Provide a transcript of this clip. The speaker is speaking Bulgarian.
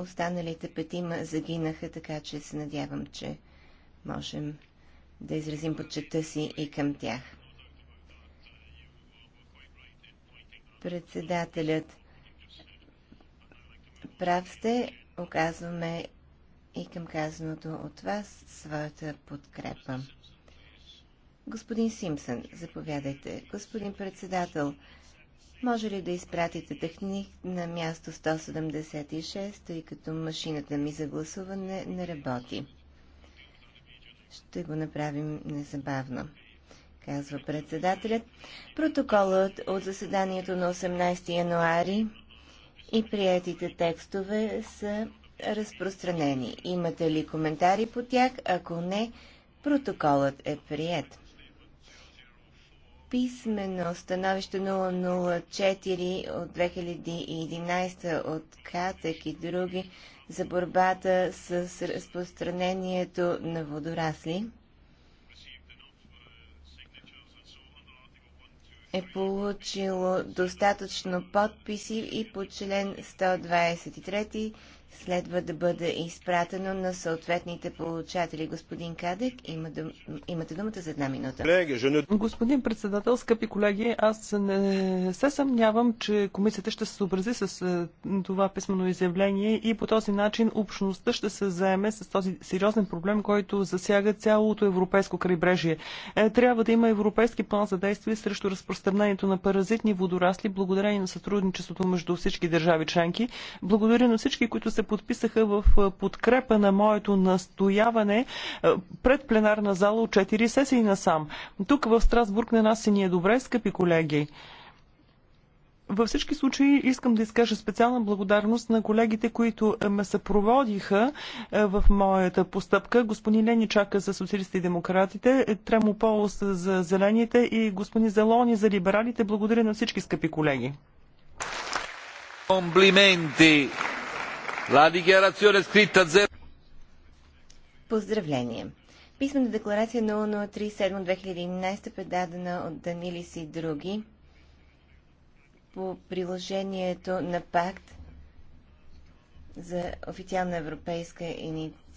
останалите петима загинаха, така че се надявам, че можем да изразим почета си и към тях. Председателят прав сте, оказваме и към казаното от вас своята подкрепа. Господин Симпсън, заповядайте. Господин председател, може ли да изпратите техник на място 176, тъй като машината ми за гласуване не работи? Ще го направим незабавно, казва председателят. Протоколът от заседанието на 18 януари и приятите текстове са разпространени. Имате ли коментари по тях? Ако не, протоколът е прият писмено становище 004 от 2011 от Катък и други за борбата с разпространението на водорасли е получило достатъчно подписи и по член 123 следва да бъде изпратено на съответните получатели. Господин Кадек, има дум... имате думата за една минута. Господин председател, скъпи колеги, аз не се съмнявам, че комисията ще се съобрази с е, това писмено изявление и по този начин общността ще се заеме с този сериозен проблем, който засяга цялото европейско крайбрежие. Е, трябва да има европейски план за действие срещу разпространението на паразитни водорасли, благодарение на сътрудничеството между всички държави членки. Благодаря на всички, които се подписаха в подкрепа на моето настояване пред пленарна зала от 4 сесии насам. Тук в Страсбург на нас си ни е добре, скъпи колеги. Във всички случаи искам да изкажа специална благодарност на колегите, които ме съпроводиха в моята постъпка. Господин Лени Чака за социалистите и демократите, Тремо Полос за зелените и господин Залони за либералите. Благодаря на всички скъпи колеги. Комплименти! La dichiarazione scritta Поздравление! Писмена декларация 0037-2011, предадена от Данилис и други по приложението на пакт за официална европейска инициатива